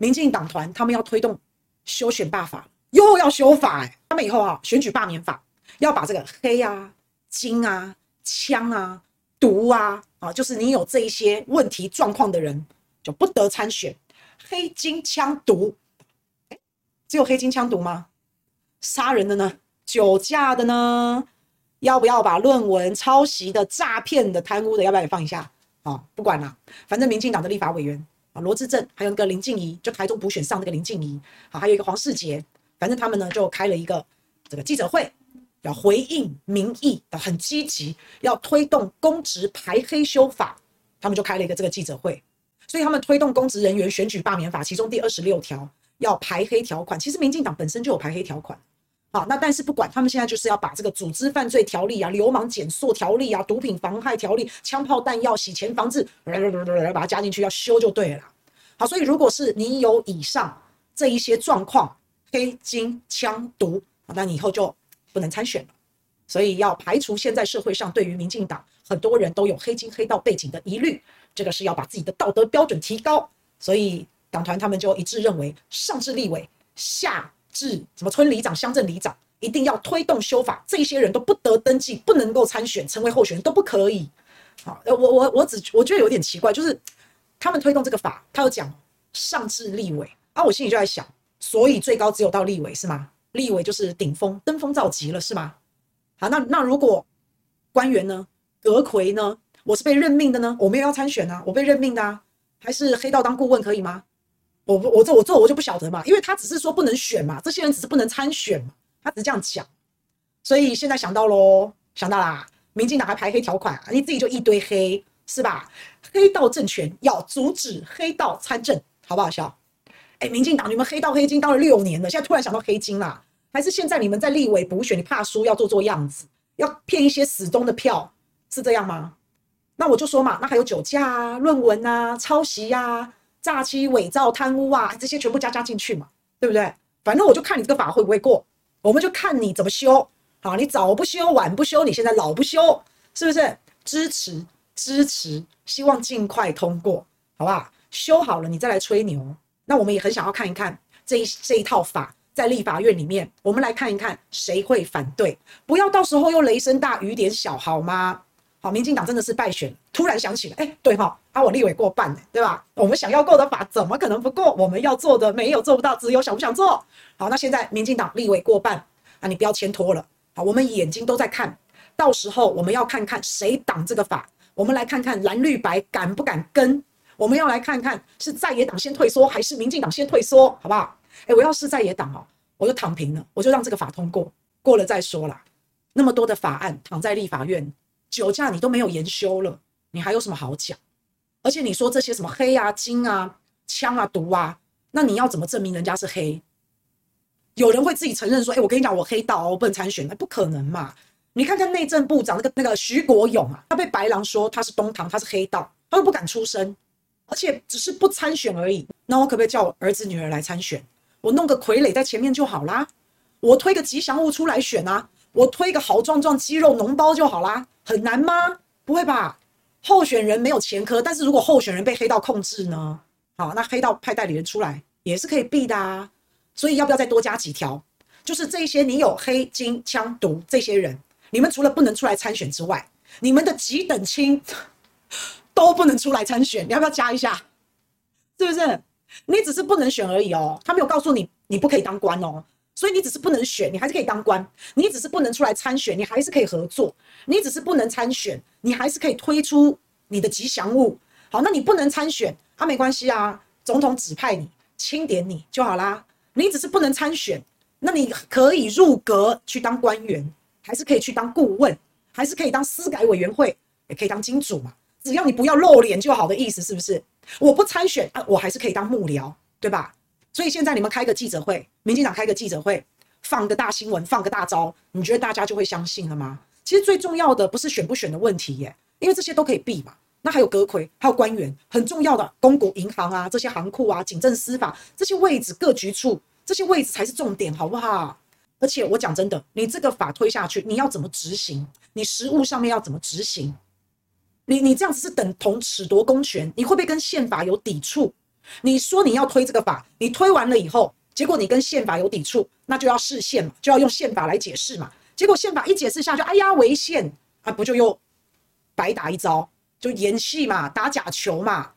民進黨團他們要推動修選罷法，又要修法、欸、他們以後啊、啊、選舉罷免法要把這個黑啊、金啊、槍啊、毒啊啊，就是你有這一些問題狀況的人就不得參選。黑金槍毒、欸，只有黑金槍毒嗎？殺人的呢？酒駕的呢？要不要把論文抄襲的、詐騙的、貪污的，要不要也放一下啊？不管了、啊，反正民進黨的立法委員。啊，羅志正，還有那個林靜怡，就台中補選上那個林靜怡，好，還有一個黃世杰，反正他們呢就開了一個這個記者會，要回應民意，啊，很積極，要推動公職排黑修法，他們就開了一個這個記者會，所以他們推動公職人員選舉罷免法，其中第二十六條要排黑條款，其實民進黨本身就有排黑條款。好，那但是不管他們現在就是要把這個組織犯罪條例啊、流氓檢肅條例啊、毒品妨害條例、槍炮彈藥洗錢防治、來來來來，把它加進去，要修就對了。好，所以如果是你有以上這一些狀況，黑金槍毒，那你以後就不能參選了。所以要排除現在社會上對於民進黨很多人都有黑金黑道背景的疑慮，這個是要把自己的道德標準提高。所以黨團他們就一致認為，上至立委下。至什麼村里長、鄉鎮里長，一定要推動修法，這些人都不得登記，不能夠參選，成為候選人都不可以。好，呃，我我我只我覺得有點奇怪，就是他們推動這個法，他有講上至立委啊，我心裡就在想，所以最高只有到立委是嗎？立委就是頂峰、登峰造極了是嗎？好，那那如果官員呢、閣揆呢，我是被任命的呢，我沒有要參選啊，我被任命的啊，還是黑道當顧問可以嗎？我我這我這我就不曉得嘛，因為他只是說不能選嘛，這些人只是不能參選嘛，他只是這樣講，所以現在想到咯，想到啦，民進黨還排黑條款啊，你自己就一堆黑是吧？黑道政權要阻止黑道參政，好不好笑？哎、欸，民進黨你們黑道黑金當了六年了，現在突然想到黑金啦，還是現在你們在立委補選，你怕輸要做做樣子，要騙一些死忠的票，是這樣嗎？那我就說嘛，那還有酒駕啊、論文啊、抄襲呀、啊。詐欺、偽造、貪污啊，這些全部加加進去嘛，對不對？反正我就看你這個法會不會過，我們就看你怎麼修，好，你早不修，晚不修，你現在老不修，是不是？支持支持，希望盡快通過，好不好？修好了你再來吹牛。那我們也很想要看一看這一這一套法在立法院裡面，我們來看一看誰會反對，不要到時候又雷聲大雨點小，好嗎？好，民進黨真的是敗選。突然想起來，哎、欸，對哈，啊，我立委過半，哎，對吧？我們想要過的法，怎麼可能不過？我們要做的沒有做不到，只有想不想做。好，那現在民進黨立委過半，啊，你不要牽拖了。好，我們眼睛都在看，到時候我們要看看誰擋這個法。我們來看看藍綠白敢不敢跟？我們要來看看是在野黨先退縮，還是民進黨先退縮，好不好？哎、欸，我要是在野黨哦、喔，我就躺平了，我就讓這個法通過，過了再說啦。那麼多的法案躺在立法院。酒駕你都沒有研修了，你還有什麼好講？而且你說這些什麼黑啊、金啊、槍啊、毒啊，那你要怎麼證明人家是黑？有人會自己承認說：“誒、欸、我跟你講，我黑道，我不能參選。欸”那不可能嘛！你看看內政部長那個那個徐國勇啊，他被白狼說他是東堂，他是黑道，他又不敢出聲，而且只是不參選而已。那我可不可以叫我兒子女兒來參選？我弄個傀儡在前面就好啦，我推個吉祥物出來選啊？我推一個好壯壯肌肉膿包就好啦，很難嗎？不會吧？候選人沒有前科，但是如果候選人被黑道控制呢？好，那黑道派代理人出來也是可以避的啊。所以要不要再多加幾條？就是這些，你有黑金槍毒這些人，你們除了不能出來參選之外，你們的幾等親都不能出來參選。你要不要加一下？是不是？你只是不能選而已哦，他沒有告訴你你不可以當官哦。所以你只是不能選，你還是可以當官；你只是不能出來參選，你還是可以合作；你只是不能參選，你還是可以推出你的吉祥物。好，那你不能參選，啊？沒關係啊，總統指派你，欽點你就好啦。你只是不能參選，那你可以入閣去當官員，還是可以去當顧問，還是可以當司改委員會，也可以當金主嘛。只要你不要露臉就好，的意思是不是？我不參選啊，我還是可以當幕僚，對吧？所以現在你們開個記者會，民進黨開個記者會，放個大新聞，放個大招，你覺得大家就會相信了嗎？其實最重要的不是選不選的問題耶、欸，因為這些都可以避嘛。那還有閣揆，還有官員，很重要的公股銀行啊，這些行庫啊，警政司法這些位置，各局處這些位置才是重點，好不好？而且我講真的，你這個法推下去，你要怎麼執行？你實務上面要怎麼執行？你你這樣子是等同褫奪公權，你會不會跟憲法有抵觸？你說你要推這個法，你推完了以後，結果你跟憲法有抵觸，那就要釋憲嘛，就要用憲法來解釋嘛。結果憲法一解釋下就，哎呀違憲啊，不就又白打一招，就演戲嘛，打假球嘛。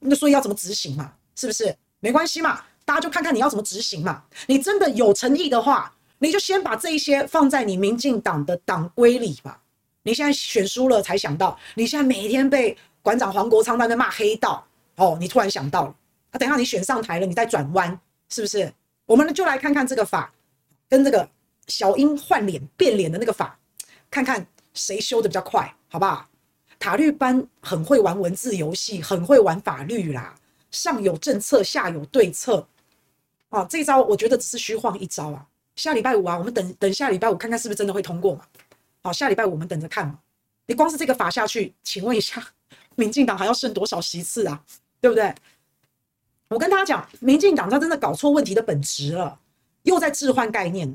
那所以要怎麼執行嘛？是不是？沒關係嘛，大家就看看你要怎麼執行嘛。你真的有誠意的話，你就先把這一些放在你民進黨的黨規裡吧。你現在選輸了才想到，你現在每一天被館長黃國昌在那邊罵黑道哦，你突然想到了。啊，等一下，你選上台了，你再轉彎，是不是？我們就來看看這個法跟這個小英換臉變臉的那個法，看看誰修的比較快，好不好？塔綠班很會玩文字遊戲，很會玩法律啦，上有政策，下有對策。哦、啊，這一招我覺得只是虛晃一招啊。下禮拜五啊，我們等等下禮拜五看看是不是真的會通過嘛？好、啊，下禮拜五我們等着看嘛。你光是這個法下去，請問一下，民進黨還要剩多少席次啊？對不對？我跟他講，民進黨他真的搞錯問題的本質了，又在置換概念。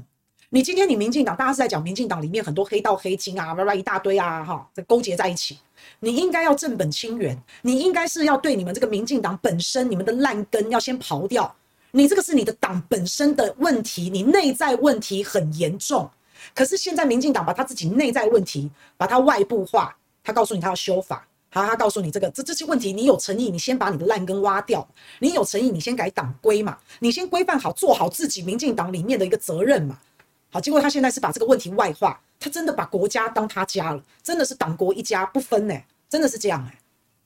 你今天你民進黨，大家是在講民進黨裡面很多黑道黑金啊，乖乖一大堆啊，哈，在勾結在一起。你應該要正本清源，你應該是要對你們這個民進黨本身，你們的爛根要先刨掉。你這個是你的黨本身的問題，你內在問題很嚴重。可是現在民進黨把他自己內在問題，把它外部化，他告訴你他要修法。好，他告訴你這個，這這些問題，你有誠意，你先把你的爛根挖掉。你有誠意，你先改黨規嘛，你先規範好，做好自己，民進黨裡面的一個責任嘛。好，結果他現在是把這個問題外化，他真的把國家當他家了，真的是黨國一家不分呢、欸，真的是這樣哎、欸。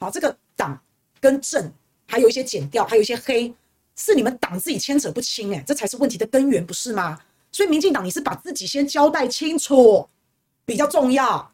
好，這個黨跟政還有一些檢調，還有一些黑，是你們黨自己牽扯不清呢、欸，這才是問題的根源不是嗎？所以，民進黨你是把自己先交代清楚，比較重要。